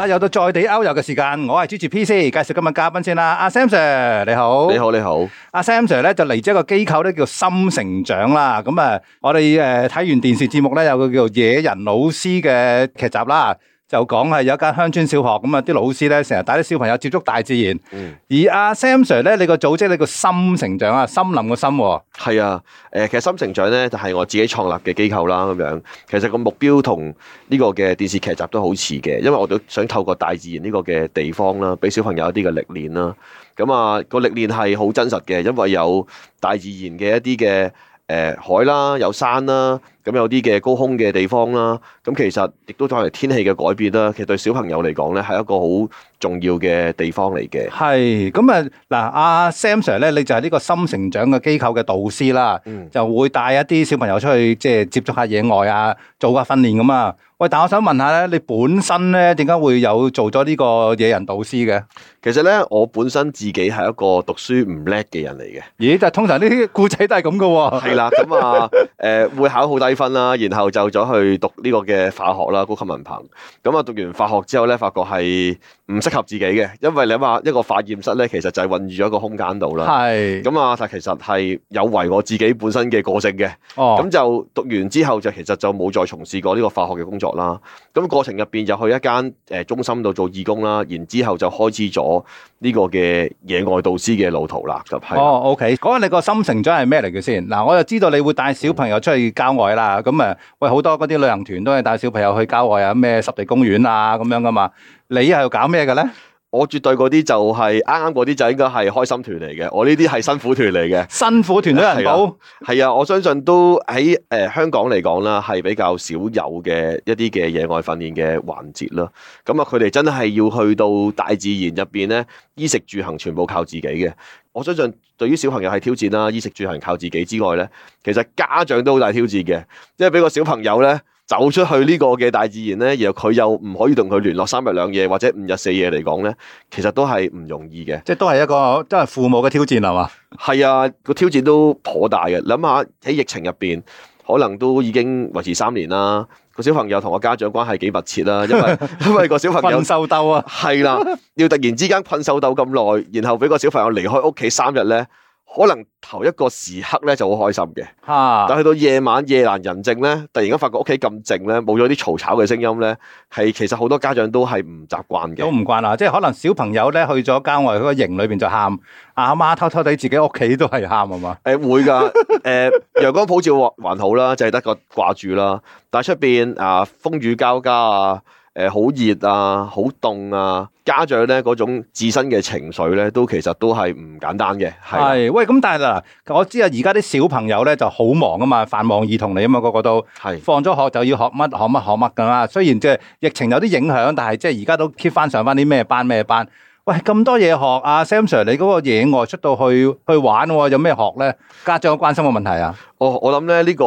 啊！有到在地 Out 遊嘅時間，我係主持 PC 介紹今日嘉賓先啦。阿 Sam sir，你好，你好你好。阿 Sam sir 咧就嚟自一個機構咧叫做森‧成長啦。咁啊，我哋誒睇完電視節目咧有個叫做野人老師嘅劇集啦。就講係有一間鄉村小學咁啊，啲老師咧成日帶啲小朋友接觸大自然。嗯。而阿、啊、Sam Sir 咧，你個組織你叫森成長心心啊，森林個森喎。係啊，誒，其實森成長咧就係、是、我自己創立嘅機構啦，咁樣。其實個目標同呢個嘅電視劇集都好似嘅，因為我都想透過大自然呢個嘅地方啦，俾小朋友一啲嘅歷練啦。咁、嗯、啊，個歷練係好真實嘅，因為有大自然嘅一啲嘅誒海啦，有山啦。咁有啲嘅高空嘅地方啦，咁其實亦都作為天氣嘅改變啦。其實對小朋友嚟講咧，係一個好重要嘅地方嚟嘅。係，咁啊嗱，阿 Sam sir 咧，你就係呢個森成長嘅機構嘅導師啦，嗯、就會帶一啲小朋友出去，即係接觸下野外啊，做下訓練咁啊。喂，但我想問下咧，你本身咧點解會有做咗呢個野人導師嘅？其實咧，我本身自己係一個讀書唔叻嘅人嚟嘅。咦？即係通常呢啲故仔都係咁嘅喎。係啦，咁啊，誒、呃、會考好大。分啦，然後就走去讀呢個嘅化學啦，高級文憑。咁、嗯、啊，讀完化學之後咧，發覺係唔適合自己嘅，因為你話一個化驗室咧，其實就係混住咗一個空間度啦。係是。咁啊、嗯，但其實係有違我自己本身嘅個性嘅。哦。咁、嗯、就讀完之後就其實就冇再從事過呢個化學嘅工作啦。咁、嗯、過程入邊就去一間誒、呃、中心度做義工啦，然之後就開始咗呢個嘅野外導師嘅路途啦，就係、哦。哦的，OK，講下你個森‧成長係咩嚟嘅先？嗱，我就知道你會帶小朋友出去郊外啦。咁誒，喂，好多嗰啲旅行團都係帶小朋友去郊外啊，咩濕地公園啊咁樣噶嘛。你係搞咩嘅咧？我絕對嗰啲就係啱啱嗰啲就應該係開心團嚟嘅，我呢啲係辛苦團嚟嘅。辛苦團都有人報，係啊，啊，我相信都喺誒、呃、香港嚟講啦，係比較少有嘅一啲嘅野外訓練嘅環節啦。咁、嗯、啊，佢哋真係要去到大自然入邊咧，衣食住行全部靠自己嘅。我相信對於小朋友係挑戰啦，衣食住行靠自己之外咧，其實家長都好大挑戰嘅，因為俾個小朋友咧。走出去呢個嘅大自然呢，然後佢又唔可以同佢聯絡三日兩夜或者五日四夜嚟講呢，其實都係唔容易嘅。即係都係一個都係父母嘅挑戰係嘛？係啊，個挑戰都頗大嘅。諗下喺疫情入邊，可能都已經維持三年啦。個小朋友同個家長關係幾密切啦，因為 因為個小朋友困獸鬥 鬥啊，係啦，要突然之間困獸鬥咁耐，然後俾個小朋友離開屋企三日呢。可能頭一個時刻咧就好開心嘅，嚇、哈！但去到夜晚，夜難人靜咧，突然間發覺屋企咁靜咧，冇咗啲嘈吵嘅聲音咧，係其實好多家長都係唔習慣嘅，都唔慣啊！即係可能小朋友咧去咗郊外嗰個營裏邊就喊，阿媽偷偷地自己屋企都係喊係嘛！誒會㗎，誒、嗯、陽光普照還好啦，就係得個掛住啦。但係出邊啊風雨交加啊，誒、啊、好熱啊，好凍啊！家長咧嗰種自身嘅情緒咧，都其實都係唔簡單嘅。係，喂，咁但係嗱，我知啊，而家啲小朋友咧就好忙啊嘛，繁忙兒童嚟啊嘛，個個都係放咗學就要學乜學乜學乜噶啦。雖然即係疫情有啲影響，但係即係而家都 keep 翻上翻啲咩班咩班。喂，咁多嘢學啊，Sam Sir，你嗰個野，野外出到去去玩喎、啊，有咩學咧？家長關心嘅問題啊？哦，我諗咧呢、呢個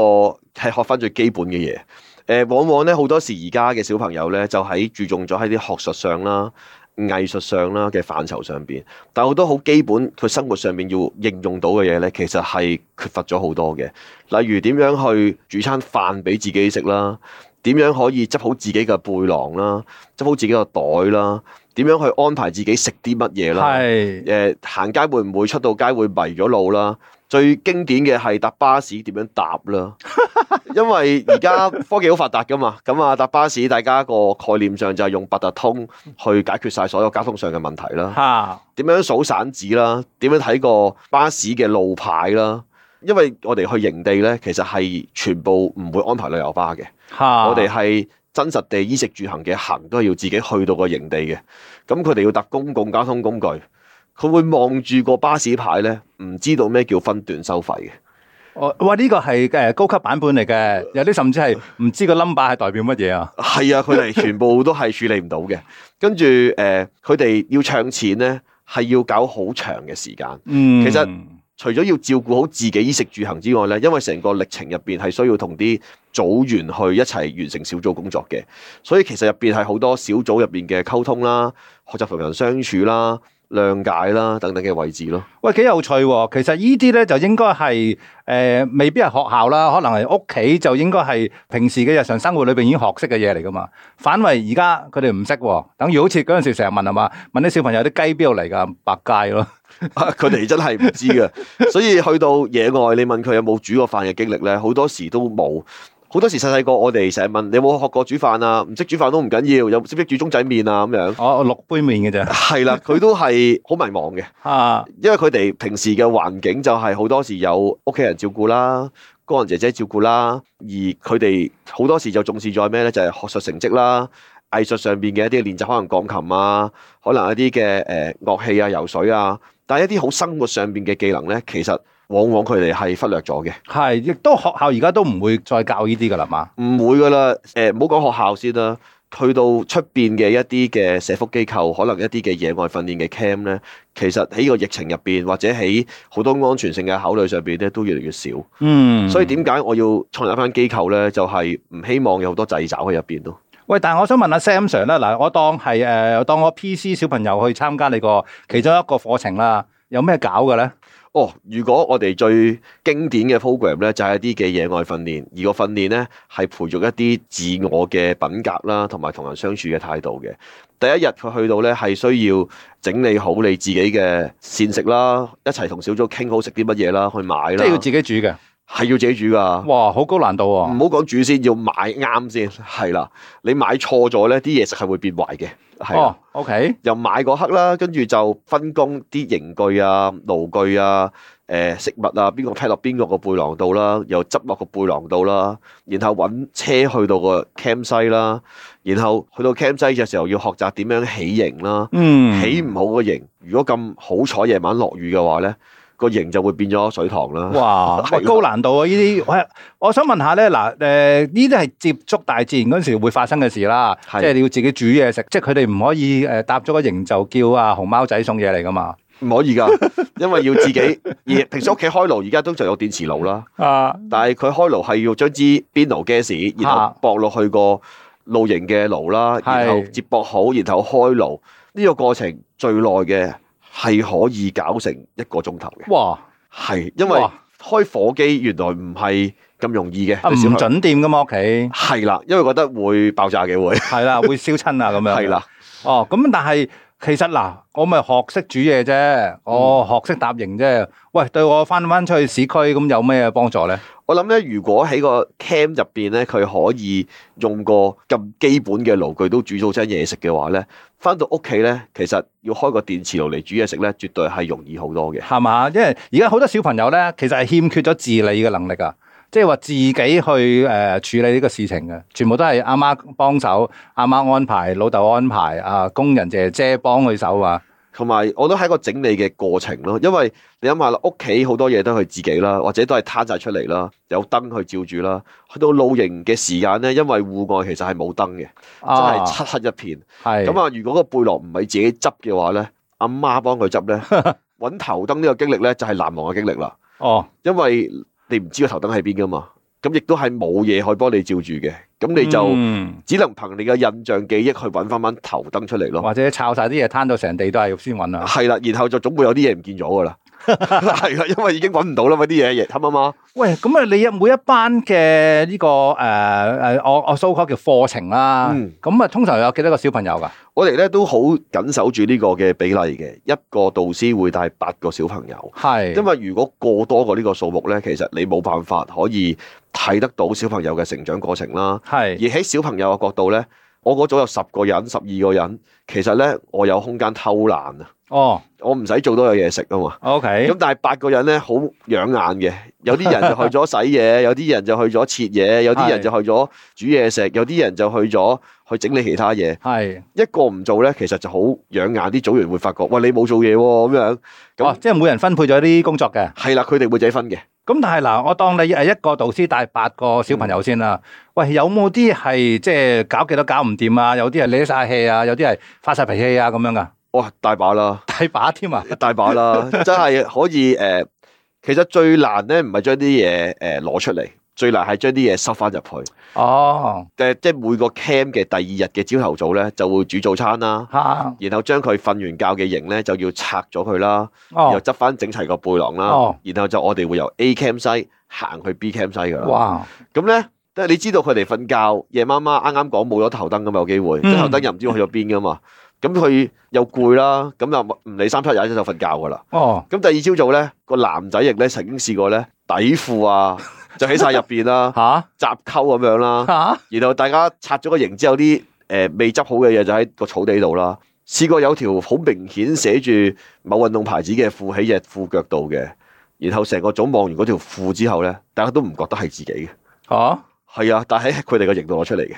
係學翻最基本嘅嘢。誒、呃，往往咧好多時而家嘅小朋友咧就喺、係、注重咗喺啲學術上啦。藝術上啦嘅範疇上邊，但好多好基本佢生活上面要應用到嘅嘢咧，其實係缺乏咗好多嘅。例如點樣去煮餐飯俾自己食啦，點樣可以執好自己嘅背囊啦，執好自己個袋啦，點樣去安排自己食啲乜嘢啦，誒是、呃、行街會唔會出到街會迷咗路啦？最經典嘅係搭巴士點樣搭啦？ 因為而家科技好發達㗎嘛，咁啊搭巴士，大家個概念上就係用八達通去解決晒所有交通上嘅問題啦。點 樣數散紙啦？點樣睇個巴士嘅路牌啦？因為我哋去營地咧，其實係全部唔會安排旅遊巴嘅。 我哋係真實地衣食住行嘅行都係要自己去到個營地嘅。咁佢哋要搭公共交通工具。佢會望住個巴士牌咧，唔知道咩叫分段收費嘅。哦、呃，哇！呢、這個係誒、呃、高級版本嚟嘅，有啲甚至係唔知個 number 係代表乜嘢 啊？係啊，佢哋全部都係處理唔到嘅。跟住誒、佢、呃、哋要唱錢咧，係要搞好長嘅時間。嗯，其實除咗要照顧好自己衣食住行之外咧，因為成個歷程入邊係需要同啲組員去一齊完成小組工作嘅，所以其實入邊係好多小組入邊嘅溝通啦、學習同人相處啦。諒解啦，等等嘅位置咯。喂，幾有趣。其實呢啲咧就應該係誒，未必係學校啦，可能係屋企，就應該係平時嘅日常生活裏邊已經學識嘅嘢嚟噶嘛。反為而家佢哋唔識，等於好似嗰陣時成日問啊嘛，問啲小朋友啲雞邊度嚟噶？百佳咯，佢哋 真係唔知嘅。所以去到野外，你問佢有冇煮過飯嘅經歷咧，好多時都冇。好多時細細個，我哋成日問你有冇學過煮飯啊？唔識煮飯都唔緊要，有識唔識煮中仔麵啊？咁樣哦，我六杯麵嘅啫。係啦，佢都係好迷茫嘅啊， 因為佢哋平時嘅環境就係好多時有屋企人照顧啦，工人姐姐照顧啦，而佢哋好多時就重視咗咩咧？就係學術成績啦，藝術上邊嘅一啲練習，可能鋼琴啊，可能一啲嘅誒樂器啊，游水啊，但係一啲好生活上邊嘅技能咧，其實，往往佢哋係忽略咗嘅，係亦都學校而家都唔會再教呢啲噶啦嘛，唔會噶啦。誒、呃，唔好講學校先啦，去到出邊嘅一啲嘅社福機構，可能一啲嘅野外訓練嘅 camp 咧，其實喺個疫情入邊，或者喺好多安全性嘅考慮上邊咧，都越嚟越少。嗯，所以點解我要創立返機構咧？就係、是、唔希望有好多掣肘喺入邊咯。喂，但係我想問下、啊、Sam Sir 咧，嗱，我當係誒、呃、當我 PC 小朋友去參加你個其中一個課程啦，有咩搞嘅咧？哦，如果我哋最經典嘅 program 咧，就係一啲嘅野外訓練，而個訓練咧係培育一啲自我嘅品格啦，同埋同人相處嘅態度嘅。第一日佢去到咧，係需要整理好你自己嘅膳食啦，一齊同小組傾好食啲乜嘢啦，去買啦。即係要自己煮嘅。係要自己煮㗎，哇，好高難度啊！唔好講煮先，要買啱先，係啦。你買錯咗咧，啲嘢食係會變壞嘅。哦，OK。又買嗰刻啦，跟住就分工啲營具啊、爐具啊、誒食物啊，邊個睇落邊個個背囊度啦，又執落個背囊度啦，然後搵車去到個 campsite 啦，然後去到 campsite 嘅時候要學習點樣起營啦，嗯，起唔好個營，如果咁好彩夜晚落雨嘅話咧，個營就會變咗水塘啦。哇嘩， 高難度啊！呢啲，我想問下咧，嗱，誒，呢啲係接觸大自然嗰時會發生嘅事啦。即係你要自己煮嘢食，即係佢哋唔可以誒搭咗個營就叫啊熊貓仔送嘢嚟噶嘛？唔可以噶，因為要自己而 平時屋企開爐，而家都就有電磁爐啦。啊， 但係佢開爐係要將支邊爐嘅匙，然後駁落去個露營嘅爐啦， 然後接駁好，然後開爐。呢個過程最耐嘅。係可以搞成一個鐘頭嘅。哇！係，因為開火機原來唔係咁容易嘅。唔、啊、準掂㗎嘛屋企。係啦裡，因為覺得會爆炸嘅會。係啦，會燒親啊咁樣。係啦 的。哦，咁但係其實嗱、呃，我咪學識煮嘢啫，哦，學識搭營啫。喂，對我返返出去市區咁有咩幫助咧？我諗咧，如果喺個 camp 入邊咧，佢可以用個咁基本嘅爐具都煮到餐嘢食嘅話咧，翻到屋企咧，其實要開個電磁爐嚟煮嘢食咧，絕對係容易好多嘅。係嘛？因為而家好多小朋友咧，其實係欠缺咗自理嘅能力啊，即係話自己去誒、呃、處理呢個事情嘅，全部都係阿媽幫手，阿媽安排，老豆安排，阿、啊、工人姐姐幫佢手啊。同埋我都係一個整理嘅過程咯，因為你諗下屋企好多嘢都係自己啦，或者都係攤晒出嚟啦，有燈去照住啦。去到露營嘅時間咧，因為戶外其實係冇燈嘅，啊、真係漆黑一片。係咁啊，如果個背囊唔係自己執嘅話咧，阿媽幫佢執咧，揾頭燈呢個經歷咧就係難忘嘅經歷啦。哦、啊，因為你唔知個頭燈喺邊噶嘛。咁亦都係冇嘢可以幫你照住嘅，咁你就只能憑你嘅印象記憶去揾翻翻頭燈出嚟咯，或者摷晒啲嘢攤到成地都係肉先揾啦，係啦，然後就總會有啲嘢唔見咗㗎啦。係啦，因為已經揾唔到啦，嗰啲嘢亦貪啊嘛。喂，咁啊，你一每一班嘅呢、這個誒誒、呃，我我 so called 叫課程啦，咁啊、嗯，通常有幾多個小朋友噶？我哋咧都好緊守住呢個嘅比例嘅，一個導師會帶八個小朋友。係是，因為如果過多過呢個數目咧，其實你冇辦法可以睇得到小朋友嘅成長過程啦。係是，而喺小朋友嘅角度咧。我嗰組有十個人、十二個人，其實咧我有空間偷懶啊。哦，我唔使做都有嘢食啊嘛。O K。哦。咁 okay，但係八個人咧好養眼嘅，有啲人就去咗洗嘢， 有啲人就去咗切嘢，是有啲人就去咗煮嘢食，有啲人就去咗去整理其他嘢。係是。一個唔做咧，其實就好養眼，啲組員會發覺，喂，你冇做嘢喎咁樣。哦，即係每人分配咗啲工作嘅。係啦，佢哋會自己分嘅。咁但係嗱，我當你係一個導師帶八個小朋友先啦。嗯、喂，有冇啲係即係搞幾多搞唔掂啊？有啲係嘥晒氣啊，有啲係發晒脾氣啊，咁樣噶？哇、哦，大把啦，大把添啊，大把啦， 真係可以誒。其實最難咧，唔係將啲嘢誒攞出嚟。最難係將啲嘢塞翻入去。哦，即係每個 camp 嘅第二日嘅朝頭早咧，就會煮早餐啦。然後將佢瞓完覺嘅營咧，就要拆咗佢啦。哦，又執翻整齊個背囊啦。然後就我哋會由 A camp 西行去 B camp 西噶啦。哇，咁咧，即係你知道佢哋瞓覺，夜晚晚啱啱講冇咗頭燈咁嘛，有機會頭燈又唔知去咗邊噶嘛。咁佢又攰啦，咁又唔理三七廿一就瞓覺噶啦。哦，咁第二朝早咧，個男仔亦咧曾經試過咧底褲啊。就喺晒入邊啦，雜溝咁樣啦，然後大家拆咗個營之後，啲、呃、誒未執好嘅嘢就喺個草地度啦。試過有條好明顯寫住某運動牌子嘅褲喺隻褲腳度嘅，然後成個組望完嗰條褲之後咧，大家都唔覺得係自己嘅。吓，係啊，但係佢哋個營度攞出嚟嘅。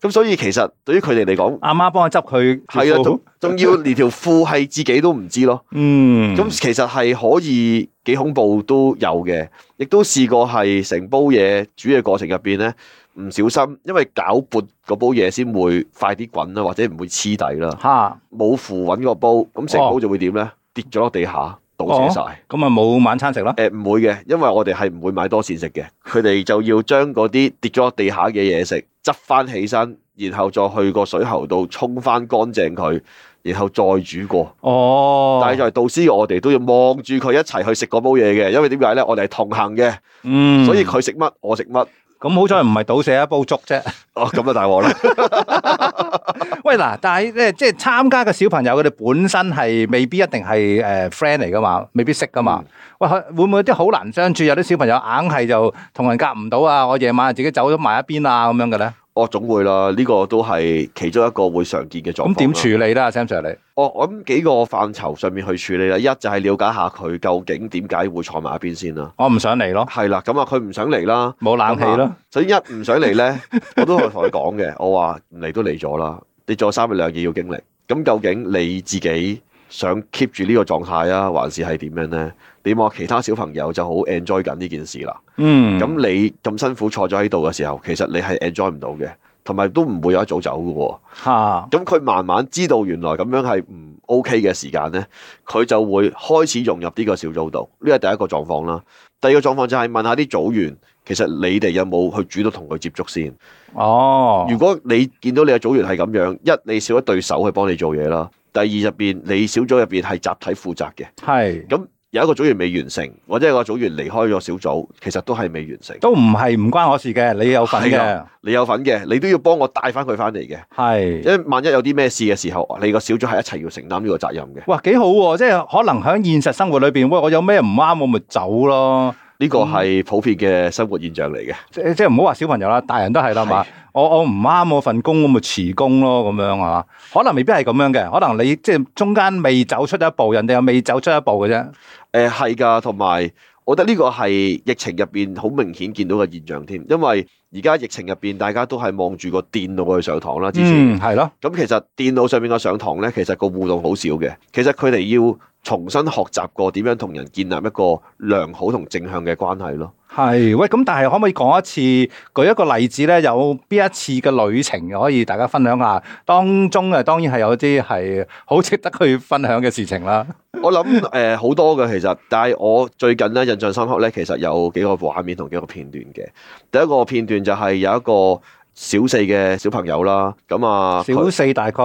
咁所以其實對於佢哋嚟講，阿媽幫我執，佢係啊，仲要連條褲係自己都唔知咯。嗯，咁其實係可以幾恐怖都有嘅，亦都試過係成煲嘢煮嘅過程入邊咧，唔小心，因為攪撥嗰煲嘢先會快啲滾啦，或者唔會黐底啦。嚇哈，冇扶穩個煲，咁成煲就會點咧？跌咗落地下。倒泄晒，咁啊冇晚餐食啦？誒唔會嘅，因為我哋係唔會買多膳食嘅。佢哋就要將嗰啲跌咗落地下嘅嘢食執翻起身，然後再去個水喉度沖翻乾淨佢，然後再煮過。哦，但係作為導師，我哋都要望住佢一齊去食嗰煲嘢嘅，因為點解咧？我哋係同行嘅，嗯，所以佢食乜我食乜。咁好彩唔係倒泄一煲粥啫。哦，咁啊大鑊啦。 喂嗱，但係咧，即係參加嘅小朋友，佢哋本身係未必一定係誒 friend 嚟噶嘛，未必識噶嘛。嗯、喂，會唔會即係好難相處？有啲小朋友硬係就同人夾唔到啊！我夜晚自己走咗埋一邊啊，咁樣嘅咧。哦，總會啦，呢、這個都係其中一個會常見嘅狀況。咁點處理咧 Sam Sir 你？哦，我諗幾個範疇上面去處理啦，一就係了解下佢究竟點解會坐埋一邊先啦。我唔想嚟咯。係啦，咁啊，佢唔想嚟啦，冇冷氣咯。所以一唔想嚟咧， 我都會同佢講嘅，我話嚟都嚟咗啦，你仲有三日兩夜要經歷，咁究竟你自己？想 keep 住呢個狀態啊，還是係點樣呢？你話其他小朋友就好 enjoy 緊呢件事啦。嗯，咁你咁辛苦坐咗喺度嘅時候，其實你係 enjoy 唔到嘅，同埋都唔會有一早走嘅喎、啊。咁佢、啊、慢慢知道原來咁樣係唔 OK 嘅時間呢，佢就會開始融入呢個小組度。呢係第一個狀況啦。第二個狀況就係問,問下啲組員，其實你哋有冇去主動同佢接觸先？哦，如果你見到你嘅組員係咁樣，一你少一對手去幫你做嘢啦。第二入邊，你小組入邊係集體負責嘅。係是，咁有一個組員未完成，或者有個組員離開咗小組，其實都係未完成。都唔係唔關我事嘅，你有份嘅，你有份嘅，你都要幫我帶翻佢翻嚟嘅。係是，因為萬一有啲咩事嘅時候，你個小組係一齊要承擔呢個責任嘅。哇，幾好喎、啊！即係可能喺現實生活裏邊，喂，我有咩唔啱，我咪走咯。呢個係普遍嘅生活現象嚟嘅、嗯。即即係唔好話小朋友啦，大人都係啦嘛。的吧我我唔啱我份工，我咪辭工咯，咁樣啊？可能未必係咁樣嘅，可能你即係中間未走出一步，人哋又未走出一步嘅啫。誒、呃，係㗎，同埋我覺得呢個係疫情入邊好明顯見到嘅現象添，因為。而家疫情入邊大家都係望住個電腦去上堂啦。之前係咯，咁、嗯、其實電腦上邊嘅上堂咧，其實個互動好少嘅。其實，佢哋要重新學習過點樣同人建立一個良好同正向嘅關係咯。係喂，咁但係可唔可以講一次，舉一個例子咧？有邊一次嘅旅程可以大家分享下？當中啊，當然係有啲係好值得去分享嘅事情啦。我諗誒好多嘅其實，但係我最近咧印象深刻咧，其實有幾個畫面同幾個片段嘅。第一個片段。就係有一個小四嘅小朋友啦，咁啊，小四大概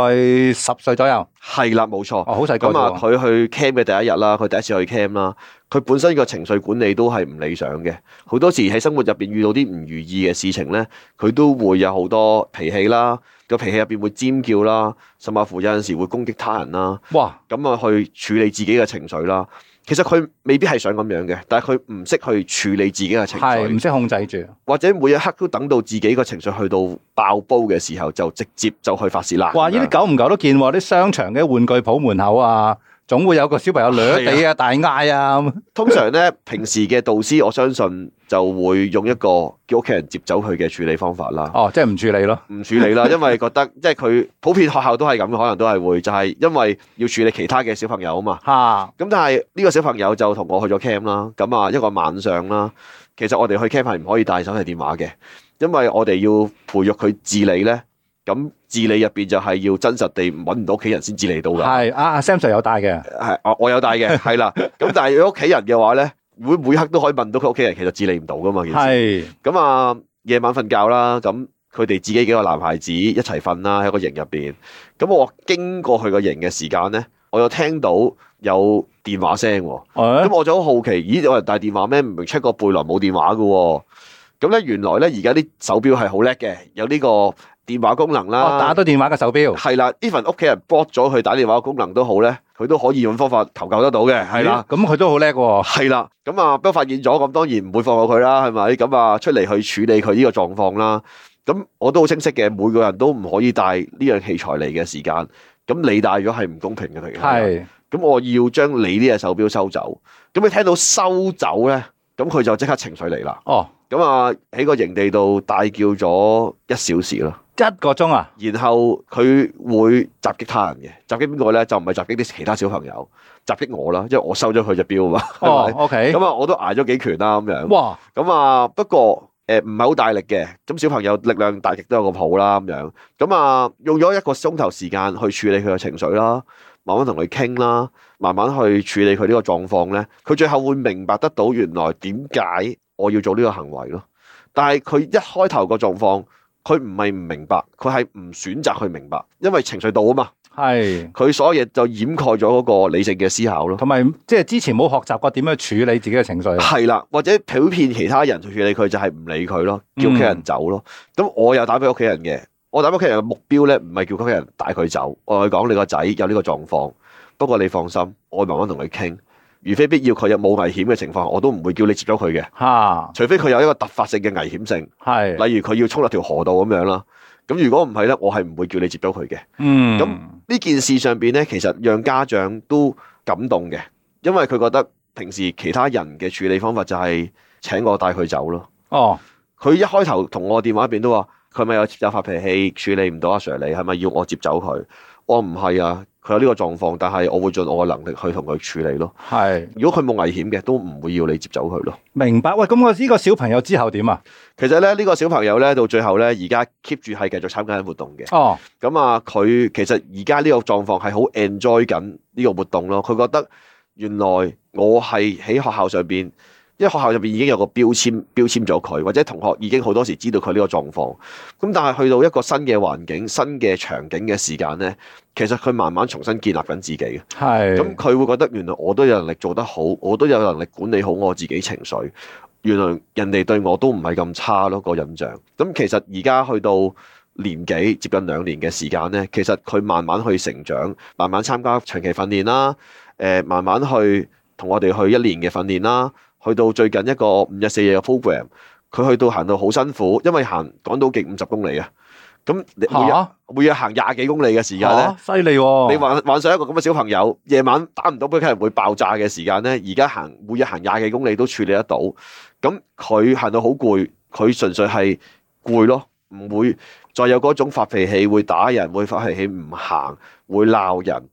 十歲左右，係啦，冇錯，哦，好細個，咁啊，佢、啊、去 camp 嘅第一日啦，佢第一次去 camp 啦，佢本身個情緒管理都係唔理想嘅，好多時喺生活入邊遇到啲唔如意嘅事情咧，佢都會有好多脾氣啦，個脾氣入邊會尖叫啦，甚至乎有陣時會攻擊他人啦，哇，咁啊去處理自己嘅情緒啦。其實佢未必係想咁樣嘅，但係佢唔識去處理自己嘅情緒，係唔識控制住，或者每一刻都等到自己個情緒去到爆煲嘅時候，就直接就去發洩啦。哇！呢啲久唔久都見喎，啲商場嘅玩具鋪門口啊。總會有個小朋友掠地啊、大嗌啊。通常呢， 平時嘅導師，我相信就會用一個叫屋企人接走佢嘅處理方法啦。哦，即係唔處理咯，唔處理啦，因為覺得 即係佢普遍學校都係咁嘅，可能都係會，就係因為要處理其他嘅小朋友啊嘛。吓，咁但係呢個小朋友就同我去咗 camp 啦。咁啊，一個晚上啦，其實我哋去 camp 係唔可以帶手提電話嘅，因為我哋要培育佢自理呢。咁自理入邊就係要真實地揾唔到屋企人先自理到噶。係啊，Sam Sir 有帶嘅。係我有帶嘅。係啦， 咁但係如果屋企人嘅話咧，每每刻都可以問到佢屋企人，其實自理唔到噶嘛。其實係是。咁啊，夜晚瞓覺啦，咁佢哋自己幾個男孩子一齊瞓啦，喺個營入邊。咁我經過佢個營嘅時間咧，我又聽到有電話聲。哦。咁我就好好奇，咦，有人帶電話咩？唔明 check 個背囊冇電話噶。咁咧，原來咧，而家啲手錶係好叻嘅，有呢、這個。電話功能啦，打到電話嘅手表係啦，呢份屋企人駁咗佢打電話嘅功能都好咧，佢都可以用方法求救得到嘅，係啦。咁佢都好叻喎，係啦。咁啊，不過發現咗，咁當然唔會放過佢啦，係咪？咁啊，出嚟去處理佢呢個狀況啦。咁我都好清晰嘅，每個人都唔可以帶呢樣器材嚟嘅時間。咁你帶咗係唔公平嘅嚟嘅，係。咁我要將你呢隻手表收走。咁你聽到收走咧，咁佢就即刻情緒嚟啦。哦，咁啊，喺個營地度大叫咗一小時囉。一個鐘啊，然後佢會襲擊他人嘅，襲擊邊個咧？就唔係襲擊啲其他小朋友，襲擊我啦，因為我收咗佢隻標啊嘛，係咪？O K，咁啊，我都挨咗幾拳啦，咁樣。哇，咁啊、嗯，不過誒唔係好大力嘅，咁小朋友力量大極都有個譜啦，咁樣。咁、嗯、啊、嗯，用咗一個鐘頭時間去處理佢嘅情緒啦，慢慢同佢傾啦，慢慢去處理佢呢個狀況咧，佢最後會明白得到原來點解我要做呢個行為咯，但係佢一開頭個狀況。佢唔係唔明白，佢係唔選擇去明白，因為情緒到啊嘛。係佢是所有嘢就掩蓋咗嗰個理性嘅思考咯。同埋即係之前冇學習過點樣處理自己嘅情緒。係啦，或者僥騙其他人去處理佢，就係唔理佢咯，叫屋企人走咯。咁、嗯、我又打俾屋企人嘅，我打俾屋企人嘅目標咧，唔係叫屋企人帶佢走，我係講你個仔有呢個狀況，不過你放心，我慢慢同佢傾。如非必要，佢有冇危險嘅情況，我都唔會叫你接咗佢嘅。嚇哈，除非佢有一個突發性嘅危險性，係是，例如佢要衝入條河道咁樣啦。咁如果唔係咧，我係唔會叫你接咗佢嘅。嗯，咁呢件事上邊咧，其實讓家長都感動嘅，因為佢覺得平時其他人嘅處理方法就係請我帶佢走咯。哦，佢一開頭同我電話入邊都話，佢咪有有發脾氣，處理唔到阿 Sir 你，係咪要我接走佢？我唔係啊。佢有呢個狀況，但係我會盡我嘅能力去同佢處理咯。係是，如果佢冇危險嘅，都唔會要你接走佢咯。明白？喂，咁我呢個小朋友之後點啊？其實咧，呢、這個小朋友咧，到最後咧，而家 keep 住係繼續參加活動嘅。哦，咁、嗯、啊，佢其實而家呢個狀況係好 enjoy 緊呢個活動咯。佢覺得原來我係喺學校上邊。因為學校入邊已經有個標籤，標籤咗佢，或者同學已經好多時知道佢呢個狀況。咁但係去到一個新嘅環境、新嘅場景嘅時間呢，其實佢慢慢重新建立緊自己嘅。係咁是，佢會覺得原來我都有能力做得好，我都有能力管理好我自己情緒。原來人哋對我都唔係咁差咯，個印象。咁其實而家去到年幾接近兩年嘅時間呢，其實佢慢慢去成長，慢慢參加長期訓練啦，誒、呃，慢慢去同我哋去一年嘅訓練啦。去到最近一個五日四夜嘅 program，佢去到行到好辛苦，因為行港島徑五十公里嘅，咁每日每日行廿幾公里嘅時間咧，犀利喎！你幻想一個咁嘅小朋友，夜晚打唔到機可能會爆炸嘅時間咧，而家行每日行廿幾公里都處理得到。咁佢行到好攰，佢純粹係攰咯，唔會再有嗰種發脾氣、會打人、會發脾氣、唔行、會鬧人。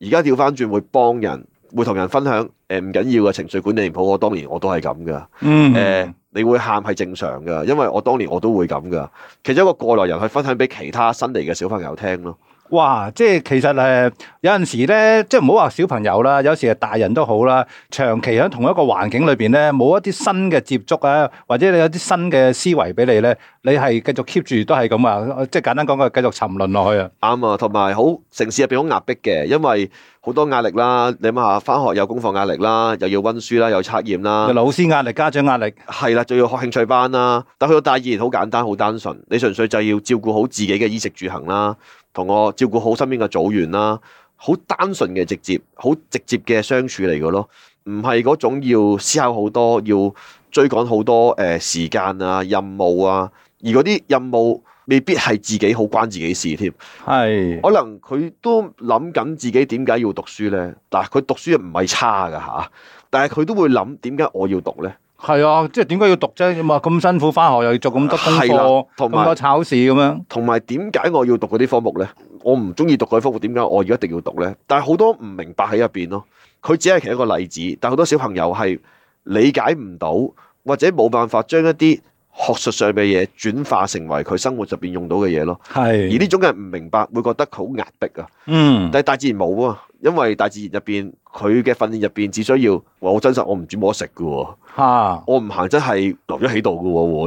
而家掉返轉會幫人。會同人分享，誒，唔緊要嘅情緒管理唔好，我當年我都係咁噶。誒、嗯欸，你會喊係正常噶，因為我當年我都會咁噶。其中一個過來人去分享俾其他新嚟嘅小朋友聽咯。哇！即係其實誒、呃、有陣時咧，即係唔好話小朋友啦，有時係大人都好啦。長期喺同一個環境裏邊咧，冇一啲新嘅接觸啊，或者你有啲新嘅思維俾你咧，你係繼續 keep 住都係咁啊！即係簡單講句，繼續沉淪落去啊！啱啊，同埋好城市入邊好壓迫嘅，因為。好多壓力啦，你諗下，翻學有功課壓力啦，又要温書啦，有測驗啦，老師壓力、家長壓力，係啦，仲要學興趣班啦。但去到大自然好簡單、好單純，你純粹就要照顧好自己嘅衣食住行啦，同我照顧好身邊嘅組員啦，好單純嘅直接、好直接嘅相處嚟嘅咯，唔係嗰種要思考好多、要追趕好多誒時間啊、任務啊，而嗰啲任務。未必係自己好關自己事添，係、啊，可能佢都諗緊自己點解要讀書咧？但係，佢讀書又唔係差噶吓、啊，但係佢都會諗點解我要讀咧？係啊，即係點解要讀啫？咁啊咁辛苦翻學又要做咁多功課，同埋、啊、考試，咁樣，同埋點解我要讀嗰啲科目咧？我唔中意讀嗰啲科目，點解我要一定要讀咧？但係好多唔明白喺入邊咯。佢只係其一個例子，但係好多小朋友係理解唔到，或者冇辦法將一啲。學術上嘅嘢轉化成為佢生活入邊用到嘅嘢咯，係是。而呢種人唔明白，會覺得佢好壓迫啊。嗯。但係大自然冇啊，因為大自然入邊佢嘅訓練入邊只需要，話我真實我唔煮冇得食嘅喎。嚇。我唔行真係留咗喺度嘅喎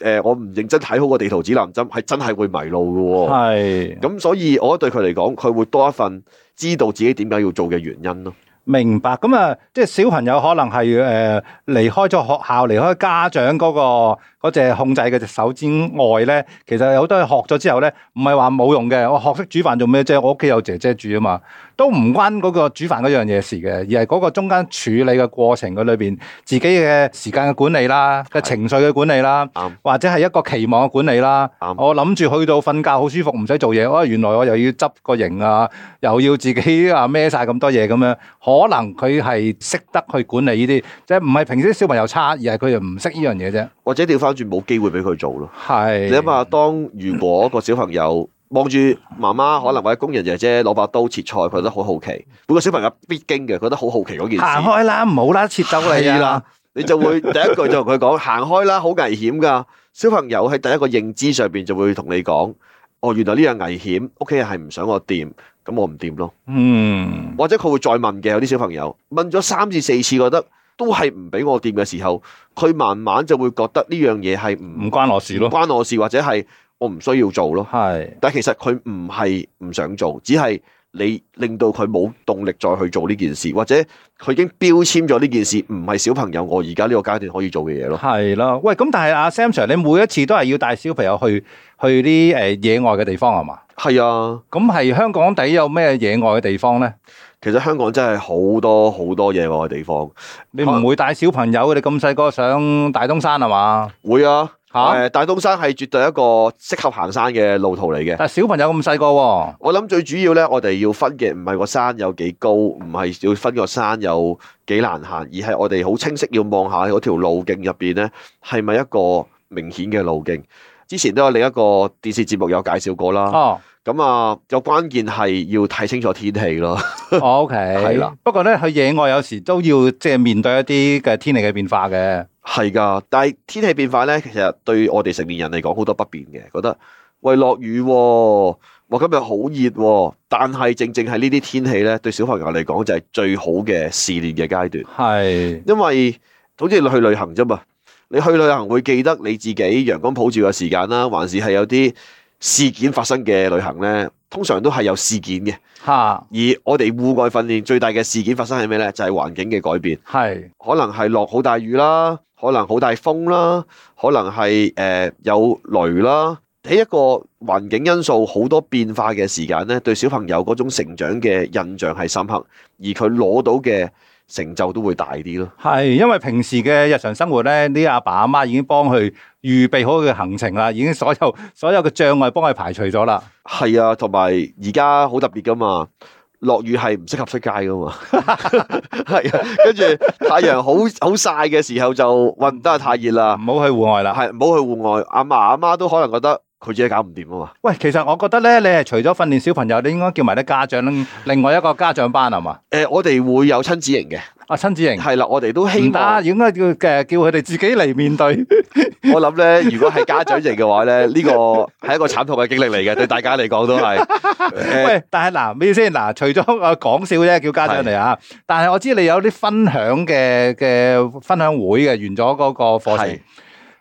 會，誒我唔認真睇好個地圖指南針係真係會迷路嘅喎、啊。係是。咁所以我覺得對佢嚟講，佢會多一份知道自己點解要做嘅原因咯、啊。明白，咁啊，即係小朋友可能係誒離開咗學校，離開家長嗰個嗰隻控制嘅隻手之外咧，其實有好多嘢學咗之後咧，唔係話冇用嘅。我學識煮飯做咩啫？我屋企有姐姐煮啊嘛。都唔關嗰個煮飯嗰樣嘢事嘅，而係嗰個中間處理嘅過程佢裏邊，自己嘅時間嘅管理啦，嘅的情緒嘅管理啦，的或者係一個期望嘅管理啦。的我諗住去到瞓覺好舒服，唔使做嘢。哦、哎，原來我又要執個型啊，又要自己啊孭晒咁多嘢咁樣。可能佢係識得去管理呢啲，即係唔係平時啲小朋友差，而係佢又唔識呢樣嘢啫。或者調翻轉冇機會俾佢做咯。係你諗下，當如果個小朋友， 望住媽媽，可能或者工人姐姐攞把刀切菜，佢覺得好好奇。每個小朋友必經嘅，覺得好好奇嗰件事。行開啦，唔好啦，切走你啦！你就會第一句就同佢講：行開啦，好危險㗎！小朋友喺第一個認知上邊就會同你講：哦，原來呢樣危險。屋企人，係唔想我掂，咁我唔掂咯。嗯。或者佢會再問嘅，有啲小朋友問咗三至四次，覺得都係唔俾我掂嘅時候，佢慢慢就會覺得呢樣嘢係唔唔關我事咯，關我事或者係。我唔需要做咯，但其實佢唔係唔想做，只係你令到佢冇動力再去做呢件事，或者佢已經標籤咗呢件事唔係小朋友我而家呢個階段可以做嘅嘢咯。係咯，喂，咁但係阿 Sam Sir，你每一次都係要帶小朋友去去啲誒野外嘅地方係嘛？係啊，咁係的香港底有咩野外嘅地方咧？其實香港真係好多好多野外嘅地方，你唔會帶小朋友你咁細個上大東山係嘛？會啊！誒、啊呃，大東山係絕對一個適合行山嘅路途嚟嘅。但係小朋友咁細個喎、啊，我諗最主要咧，我哋要分嘅唔係個山有幾高，唔係要分個山有幾難行，而係我哋好清晰要望下嗰條路徑入邊咧，係咪一個明顯嘅路徑。之前都有另一個電視節目有介紹過啦。哦。咁啊，有關鍵係要睇清楚天氣咯。哦，OK，係啦。不過咧，去野外有時都要即係面對一啲嘅天氣嘅變化嘅。係噶，但係天氣變化咧，其實對我哋成年人嚟講好多不便嘅，覺得喂落雨、喎，我今日好熱、喎，但係正正係呢啲天氣咧，對小朋友嚟講就係最好嘅試煉嘅階段。係是，因為好似你去旅行啫嘛，你去旅行會記得你自己陽光普照嘅時間啦，還是係有啲事件發生嘅旅行咧？通常都係有事件嘅。吓哈，而我哋戶外訓練最大嘅事件發生係咩咧？就係、是、環境嘅改變，係是可能係落好大雨啦。可能好大風啦，可能係誒、呃、有雷啦，喺一個環境因素好多變化嘅時間咧，對小朋友嗰種成長嘅印象係深刻，而佢攞到嘅成就都會大啲咯。係因為平時嘅日常生活咧，啲阿爸阿媽,媽已經幫佢預備好佢嘅行程啦，已經所有所有嘅障礙幫佢排除咗啦。係啊，同埋而家好特別噶嘛～落雨係唔適合出街噶，係 啊的， 跟住太陽好好曬嘅時候就運唔得太熱，太熱啦，唔好去戶外啦，係唔好去戶外。阿嫲阿媽都可能覺得佢自己搞唔掂啊。喂，其實我覺得咧，你係除咗訓練小朋友，你應該叫埋啲家長，另外一個家長班係嘛？誒 吧、呃，我哋會有親子營嘅。阿親子營係啦，我哋都興唔得，應該叫嘅叫佢哋自己嚟面對。我諗咧，如果係家長型嘅話咧，呢個係一個慘痛嘅經歷嚟嘅，對大家嚟講都係。喂，但係嗱，咩先？嗱，除咗個講笑啫，叫家長嚟啊！但係我知你有啲分享嘅嘅分享會嘅，完咗嗰個課程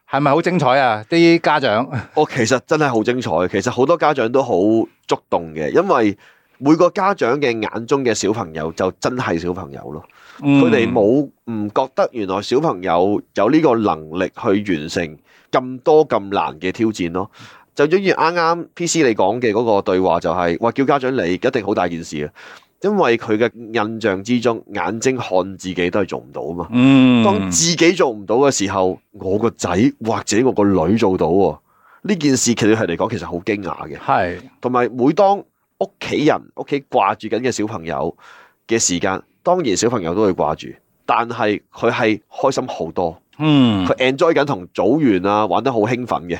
係咪好精彩啊？啲家長，我其實真係好精彩。其實好多家長都好觸動嘅，因為每個家長嘅眼中嘅小朋友就真係小朋友咯。佢哋冇唔覺得原來小朋友有呢個能力去完成咁多咁難嘅挑戰咯。就正如啱啱 PC 你講嘅嗰個對話、就是，就係話叫家長嚟一定好大件事啊。因為佢嘅印象之中，眼睛看自己都係做唔到啊嘛。嗯，當自己做唔到嘅時候，我個仔或者我個女做到喎、哦，呢件事其實係嚟講其實好驚訝嘅。係同埋每當屋企人屋企掛住緊嘅小朋友嘅時間。當然小朋友都會掛住，但係佢係開心好多，嗯，佢 enjoy 緊同組員啊玩得好興奮嘅。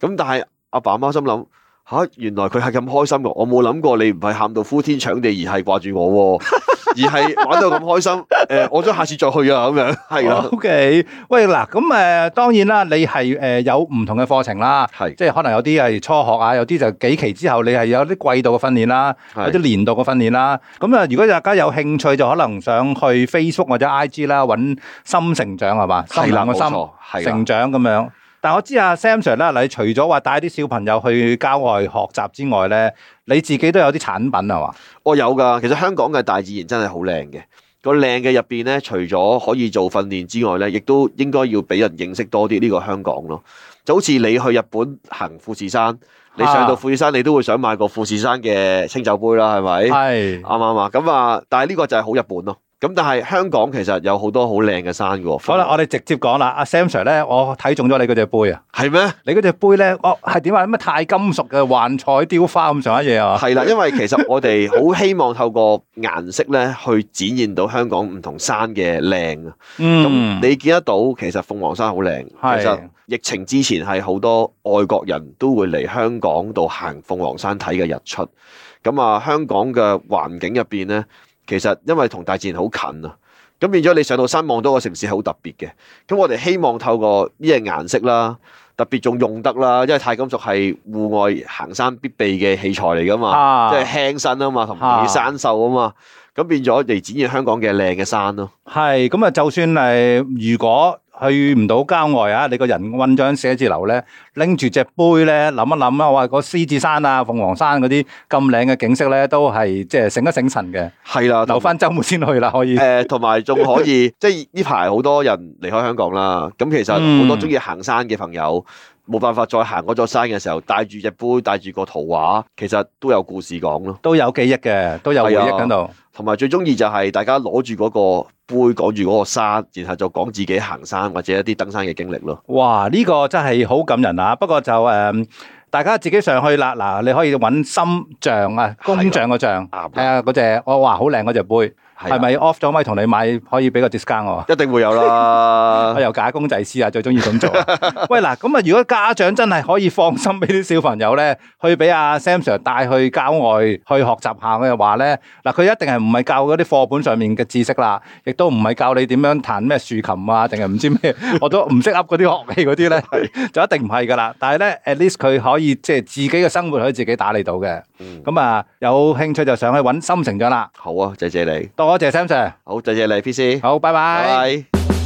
咁但係阿爸媽心諗吓、啊，原來佢係咁開心嘅，我冇諗過你唔係喊到呼天搶地而、啊，而係掛住我喎。 而係玩到咁開心，誒、呃，我想下次再去啊，咁樣，係啦。OK，喂，嗱，咁、呃、誒，當然啦，你係誒、呃、有唔同嘅課程啦，係的，即係可能有啲係初學啊，有啲就幾期之後，你係有啲季度嘅訓練啦，的有啲年度嘅訓練啦。咁啊，如果大家有興趣，就可能上去 Facebook 或者 IG 啦，揾森成長係嘛，深層嘅心，森成長咁樣。但我知阿 Sam Sir 啦，你除咗話帶啲小朋友去郊外學習之外咧，你自己都有啲產品係嘛？我、哦、有㗎，其實香港嘅大自然真係好靚嘅。個靚嘅入邊咧，除咗可以做訓練之外咧，亦都應該要俾人認識多啲呢個香港咯。就好似你去日本行富士山，你上到富士山，你都會想買個富士山嘅清酒杯啦，係咪？係是，啱唔啱啊？咁啊，但係呢個就係好日本咯。咁但係香港其實有很多很的的、啊、好多好靚嘅山噶喎。好啦、啊，我哋直接講啦，阿 Sam Sir 咧，我睇中咗你嗰隻杯啊。係、哦、咩？你嗰隻杯咧，我係點話？乜鈦金屬嘅幻彩雕花咁上下嘢啊？係啦，因為其實我哋好希望透過顏色咧，去展現到香港唔同山嘅靚。嗯，你見得到其實鳳凰山好靚。的其實疫情之前係好多外國人都會嚟香港度行鳳凰山睇嘅日出。咁啊，香港嘅環境入邊咧。其實因為同大自然好近啊，咁變咗你上到山望到個城市係好特別嘅，咁我哋希望透過呢啲顏色啦，特別仲用得啦，因為鈦金屬係戶外行山必備嘅器材嚟㗎嘛，啊、即係輕身啊嘛，同埋唔易生鏽啊嘛，咁、啊、變咗嚟展現香港嘅靚嘅山咯、啊。係，咁啊就算係如果。去唔到郊外啊！你個人困咗喺寫字樓咧，拎住隻杯咧，諗一諗啊！我話個獅子山啊、鳳凰山嗰啲咁靚嘅景色咧，都係即係醒一醒神嘅。係啦的，留翻周末先去啦，可以。誒，同埋仲可以， 即係呢排好多人離開香港啦。咁其實好多中意行山嘅朋友。嗯冇辦法再行嗰座山嘅時候，帶住隻杯，帶住個圖畫，其實都有故事講咯，都有記憶嘅，都有回憶喺度。同埋最中意就係大家攞住嗰個杯，講住嗰個山，然後就講自己行山或者一啲登山嘅經歷咯。哇，呢、這個真係好感人啊！不過就誒、呃，大家自己上去啦。嗱、呃，你可以揾心像啊，公像個象，睇下，嗰隻，我話好靚嗰隻杯。係咪 off 咗咪同你買可以俾個 discount 啊？一定會有啦，又假公濟私啊，最中意咁做。喂，嗱，咁啊，如果家長真係可以放心俾啲小朋友咧，去俾阿 Sam Sir 帶去郊外去學習下嘅話咧，嗱，佢一定係唔係教嗰啲課本上面嘅知識啦，亦都唔係教你點樣彈咩豎琴啊，定係唔知咩，我都唔識 up 嗰啲樂器嗰啲咧，就一定唔係噶啦。但係咧，at least 佢可以即係自己嘅生活可以自己打理到嘅。咁啊，有興趣就上去搵森．成長啦。好啊，謝謝你。多。多謝 Sam Sir，好，多謝你 PC，好，拜拜。